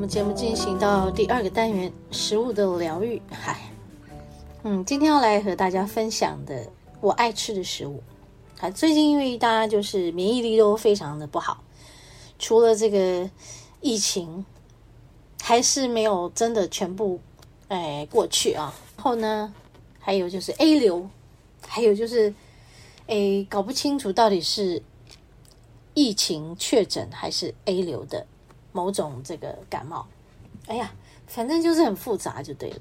我們節目進行到第二個單元，食物的療癒。嗨，嗯，今天要來和大家分享的，我愛吃的食物。啊，最近因為大家就是免疫力都非常的不好，除了這個疫情，還是沒有真的全部哎過去啊。然後呢，還有就是 A 流，還有就是哎搞不清楚到底是疫情確診還是 A 流的。某種這個感冒，哎呀，反正就是很複雜，就對了。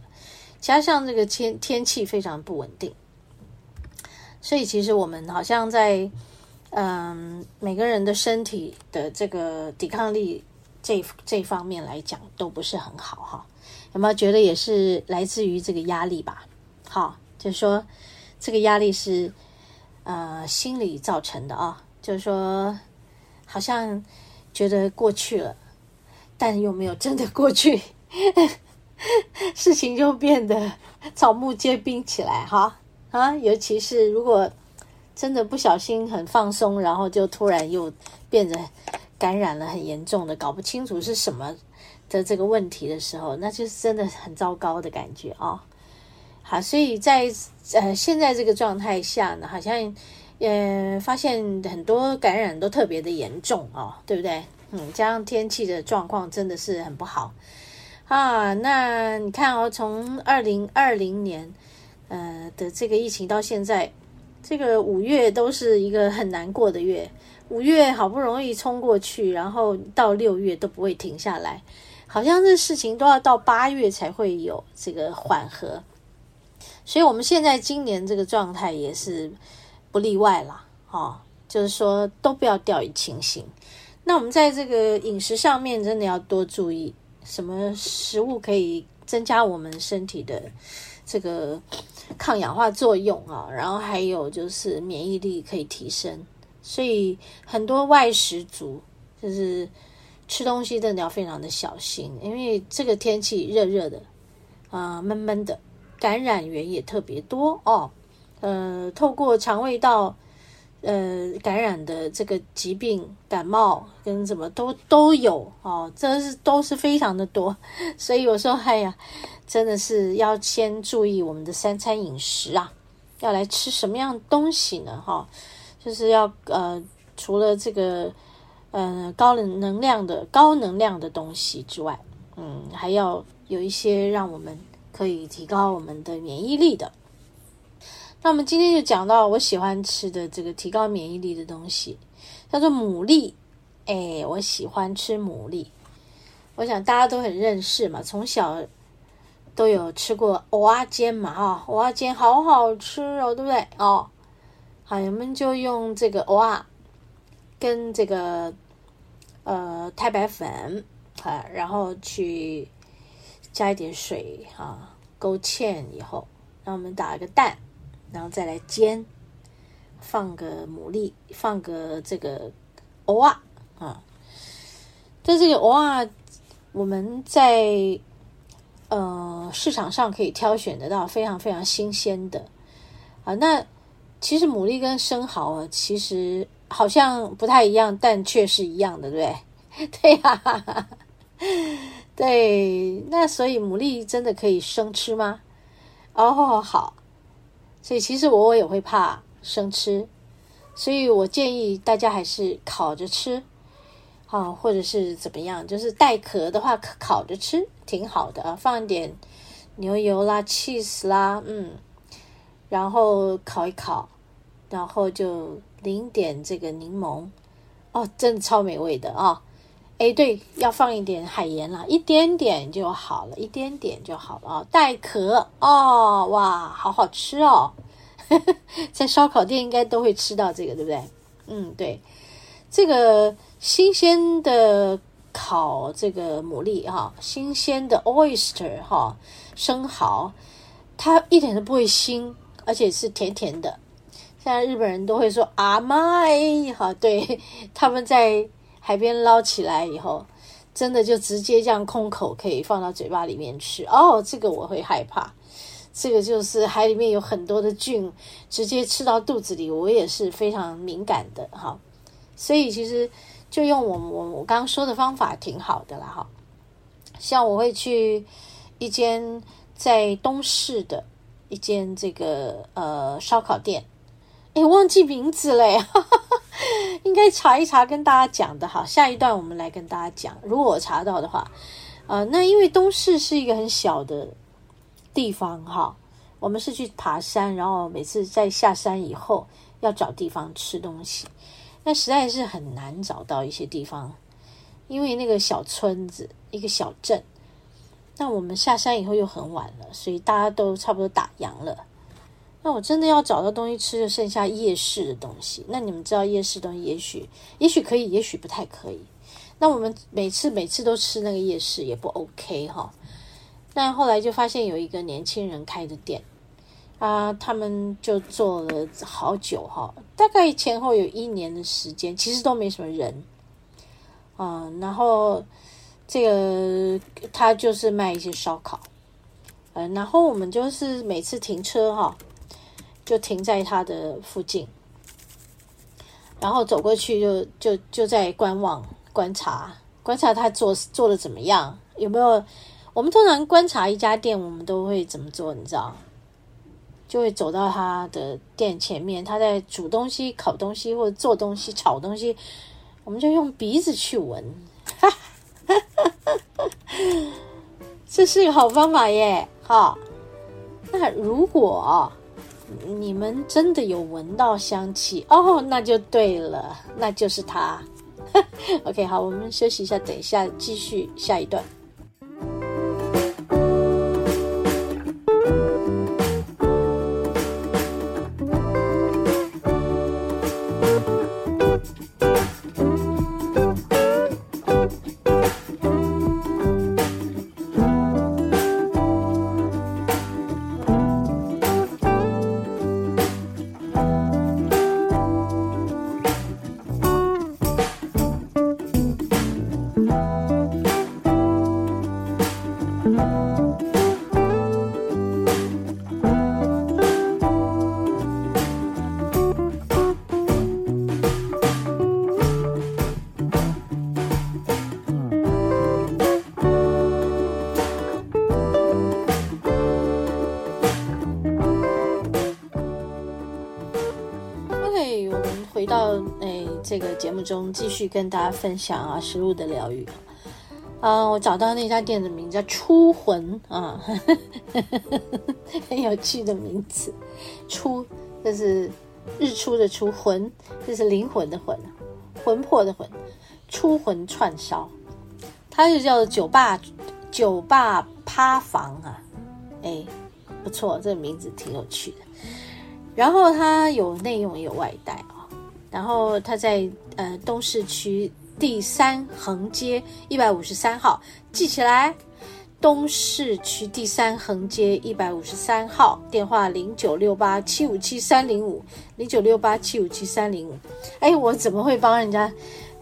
加上這個天天氣非常不穩定，所以其實我們好像在嗯、呃、每個人的身體的這個抵抗力這這方面來講都不是很好哈。有沒有覺得也是來自於這個壓力吧？好，就是說這個壓力是呃心理造成的啊、哦，就是說好像覺得過去了。但又沒有真的過去， 事情就變得草木皆兵起來哈啊！尤其是如果真的不小心很放鬆，然後就突然又變得感染了很嚴重的，搞不清楚是什麼的這個問題的時候，那就是真的很糟糕的感覺哦。好，所以在呃現在這個狀態下呢，好像嗯、呃、發現很多感染都特別的嚴重哦，對不對？嗯，加上天氣的狀況真的是很不好啊。那你看哦，從二零二零年呃的這個疫情到現在，這個五月都是一個很難過的月。五月好不容易衝過去，然後到六月都不會停下來，好像這事情都要到八月才會有這個緩和。所以我們現在今年這個狀態也是不例外啦。哦，就是說都不要掉以輕心。那我們在這個飲食上面，真的要多注意什麼食物可以增加我們身體的這個抗氧化作用啊，然後還有就是免疫力可以提升。所以很多外食族就是吃東西真的要非常的小心，因為這個天氣熱熱的啊、呃，悶悶的，感染源也特別多哦。呃，透過腸胃道，呃，感染的這個疾病，感冒跟什麼都都有哦，這是都是非常的多，所以我說哎呀，真的是要先注意我們的三餐飲食啊，要來吃什麼樣東西呢？哈、哦，就是要呃，除了這個嗯、呃、高能能量的高能量的東西之外，嗯，還要有一些讓我們可以提高我們的免疫力的。那我們今天就講到我喜歡吃的這個提高免疫力的東西，叫做牡蠣。哎，我喜歡吃牡蠣。我想大家都很認識嘛，從小都有吃過蚵仔煎嘛，哈、啊，蚵仔煎好好吃哦，對不對？哦，好，我們就用這個蚵仔跟這個呃太白粉啊，然後去加一點水哈、啊，勾芡以後，那我們打一個蛋。然後再來煎，放個牡蠣，放個這個蠔啊啊！在、啊、這個蠔啊，我們在呃市場上可以挑選得到非常非常新鮮的啊。那其實牡蠣跟生蠔、啊、其實好像不太一樣，但卻是一樣的，對對呀、啊，哈哈哈。對。那所以牡蠣真的可以生吃嗎？哦，好。所以其實我我也會怕生吃，所以我建議大家還是烤着吃，啊，或者是怎麼樣，就是帶殼的話烤着吃挺好的啊，放一點牛油啦、cheese 啦，嗯，然後烤一烤，然後就淋點這個檸檬，哦，真的超美味的啊。哎，對，要放一點海鹽啦，一點點就好了，一點點就好了，帶殼哦，哇，好好吃哦，呵呵，在燒烤店應該都會吃到這個，對不對？嗯，對，這個新鮮的烤這個牡蠣哈，新鮮的 oyster 哈、哦，生蠔，它一點都不會腥，而且是甜甜的。現在日本人都會說，啊媽哎，哈，對，他們在海邊撈起來以後，真的就直接這樣空口可以放到嘴巴裡面吃。哦，這個我會害怕。這個就是海裡面有很多的菌，直接吃到肚子裡，我也是非常敏感的哈。所以其實就用我我我剛說的方法挺好的啦。哈。像我會去一間在東勢的一間這個呃燒烤店。哎、欸，忘記名字了，哈哈哈，應該查一查，跟大家講的哈，下一段我們來跟大家講，如果我查到的話，啊、呃，那因為東勢是一個很小的地方哈，我們是去爬山，然後每次在下山以後要找地方吃東西，那實在是很難找到一些地方，因為那個小村子一個小鎮，那我們下山以後又很晚了，所以大家都差不多打烊了。那、啊、我真的要找到東西吃，就剩下夜市的東西。那你們知道夜市的東西也，也許也許可以，也許不太可以。那我們每次每次都吃那個夜市也不 OK 哈。那後來就發現有一個年輕人開的店啊，他們就做了好久哈，大概前後有一年的時間，其實都沒什麼人。嗯、啊，然後這個他就是賣一些燒烤，嗯、啊，然後我們就是每次停車哈。就停在他的附近，然後走過去就，就就就在觀望、觀察、觀察他做做的怎麼樣，有沒有？我們通常觀察一家店，我們都會怎麼做？你知道？就會走到他的店前面，他在煮東西、烤東西或者做東西、炒東西，我們就用鼻子去聞。哈哈這是一個好方法耶！哈，那如果……你們真的有聞到香氣哦，oh, 那就對了，那就是它。 OK，好，我們休息一下，等一下繼續下一段。這個節目中繼續跟大家分享啊，食物的療癒啊，我找到那家店的名叫“初魂”啊呵呵呵，很有趣的名字，“初”這是日出的“初”，魂這是靈魂的“魂”，魂魄的“魂”，初魂串燒，它就叫做酒吧酒吧趴房啊，哎，不錯，這個名字挺有趣的，然後它有內用也有外帶然後他在呃東勢區，第三橫街一百五十三號，記起來，東勢區第三橫街一百五十三號，電話零九六八七五七三零五零九六八七五七三零五。哎，我怎麼會幫人家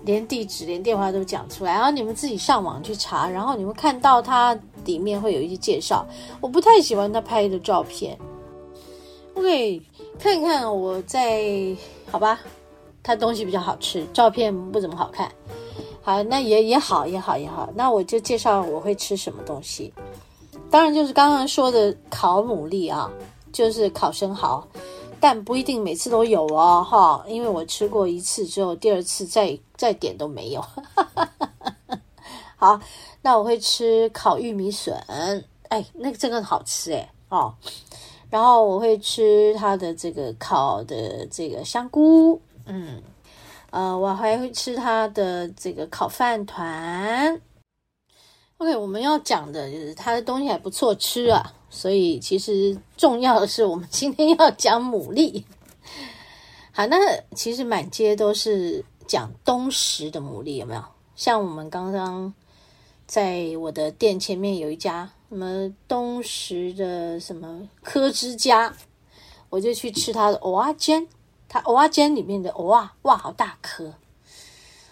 連地址連電話都講出來？然後你們自己上網去查，然後你們看到他裡面會有一些介紹。我不太喜歡他拍的照片。OK，看看我在好吧。它東西比較好吃，照片不怎麼好看。好，那也也好，也好，也好。那我就介紹我會吃什麼東西。當然就是剛剛說的烤牡蠣啊，就是烤生蠔，但不一定每次都有哦，哈、哦，因為我吃過一次之後，第二次再再點都沒有。 好，那我會吃烤玉米筍，哎，那個真的好吃、欸，哎，哦。然後我會吃它的這個烤的這個香菇。嗯，呃，我還會吃他的這個烤飯糰。OK，我們要講的就是他的東西還不錯吃啊。所以其實重要的是，我們今天要講牡蠣。好，那其實滿街都是講東石的牡蠣，有沒有？像我們剛剛在我的店前面有一家什麼東石的什麼科之家，我就去吃他的，蚵仔煎！他，它蚵仔煎裡面的蚵啊，哇，好大顆！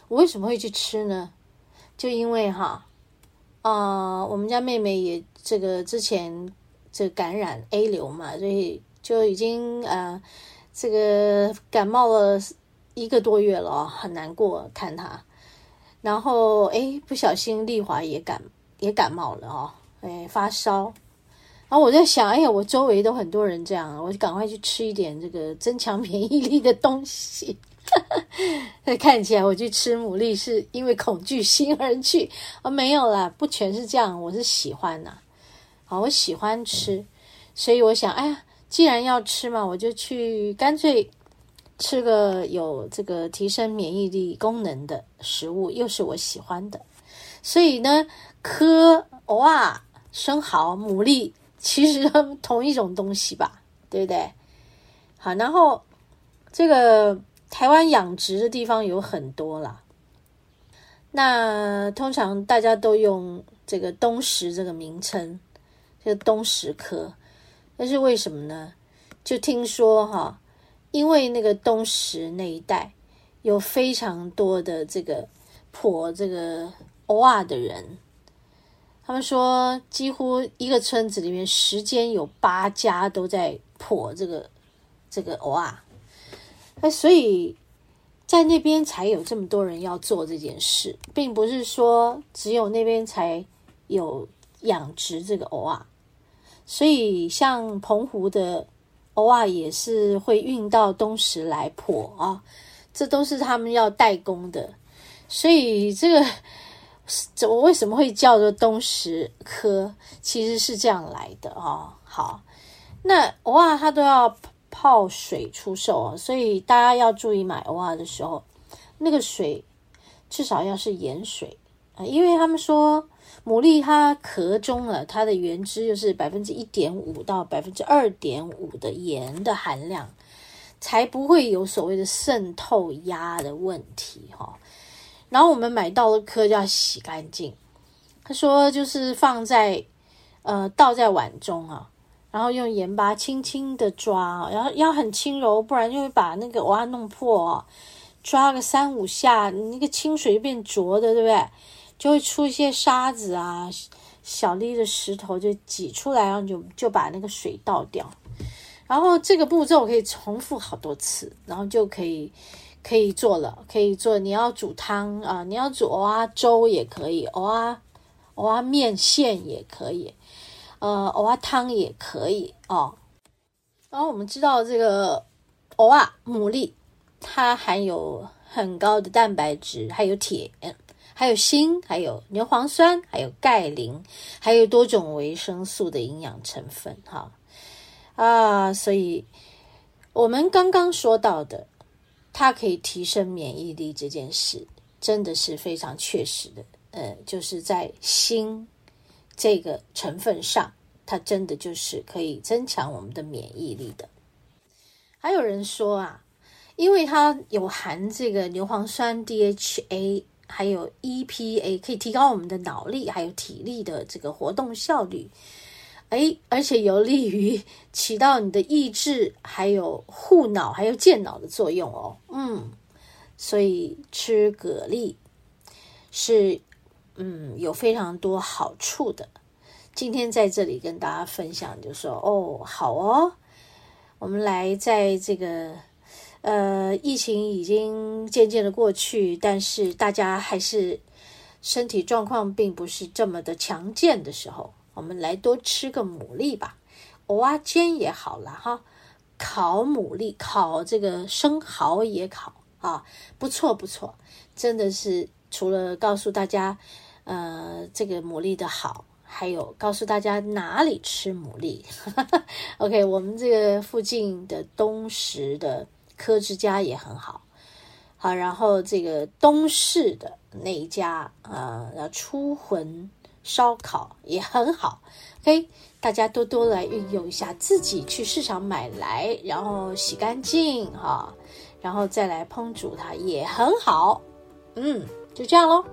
我為什麼會去吃呢？就因為哈，啊、呃，我們家妹妹也這個之前這感染 A 流嘛，所以就已經啊、呃，這個感冒了一個多月了，哦，很難過看她。然後誒不小心麗華也感也感冒了哦，誒，發燒。然、哦、後我在想，哎呀，我周圍都很多人這樣，我就趕快去吃一點這個增強免疫力的東西。 看起來我去吃牡蠣是因為恐懼心而去，啊、哦，沒有啦，不全是這樣，我是喜歡吶、啊，啊、哦、我喜歡吃，所以我想，哎呀，既然要吃嘛，我就去乾脆吃個有這個提升免疫力功能的食物，又是我喜歡的，所以呢，科哇、哦啊，生蠔、牡蠣。其實同一種東西吧，對不對？好，然後這個台灣養殖的地方有很多啦。那通常大家都用這個東石這個名稱，就、這個、東石科。那是為什麼呢？就聽說哈，因為那個東石那一帶有非常多的這個婆這個歐的人。他們說，幾乎一個村子裡面，十間有八家都在剖這個這個蚵啊。所以在那邊才有這麼多人要做這件事，並不是說只有那邊才有養殖這個蚵啊。所以像澎湖的蚵啊也是會運到東石來剖啊，這都是他們要代工的。所以這個。這我為什麼會叫做東石科？其實是這樣來的哦。好，那歐啊，它都要泡水出售哦，所以大家要注意買歐啊的時候，那個水至少要是鹽水啊，因為他們說牡蠣它殼中了它的原汁，就是百分之一點五到百分之二點五的鹽的含量，才不會有所謂的滲透壓的問題哈。哦然後我們買到的蚵就要洗乾淨。他說就是放在，呃，倒在碗中啊，然後用鹽巴輕輕地抓，然後要很輕柔，不然就會把那個蚵仔弄破、啊。抓個三五下，你那個清水變濁的，對不對？就會出一些沙子啊、小粒的石頭就擠出來，然後你就就把那個水倒掉。然後這個步驟可以重複好多次，然後就可以。可以做了，可以做。你要煮湯啊、呃，你要煮蚵仔，粥也可以，蚵仔，蚵仔麵線也可以，呃，蚵仔湯也可以哦。然、哦、後我們知道這個蚵仔，牡蠣它含有很高的蛋白質，還有鐵，嗯、還有鋅，還有牛磺酸，還有鈣磷，還有多種維生素的營養成分哈、哦、啊，所以我們剛剛說到的。它可以提升免疫力這件事真的是非常確實的，呃，就是在鋅這個成分上，它真的就是可以增強我們的免疫力的。還有人說啊，因為它有含這個牛磺酸、DHA，還有 EPA，可以提高我們的腦力還有體力的這個活動效率。哎，而且有利於起到你的益智，還有護腦還有健腦的作用哦。嗯，所以吃蛤蜊是嗯有非常多好處的。今天在這裡跟大家分享就，就說哦好哦，我們來在這個呃疫情已經漸漸的過去，但是大家還是身體狀況並不是這麼的強健的時候，我們來多吃個牡蠣吧，偶啊煎也好了哈。烤牡蠣，烤這個生蠔也烤啊，不錯不錯，真的是除了告訴大家，呃，這個牡蠣的好，還有告訴大家哪裡吃牡蠣。 OK，我們這個附近的東石的科之家也很好，好，然後這個東市的那一家啊，要，呃、初魂。燒烤也很好，okay? 大家多多來運用一下，自己去市場買來，然後洗乾淨哈、啊，然後再來烹煮，它也很好。嗯，就這樣咯。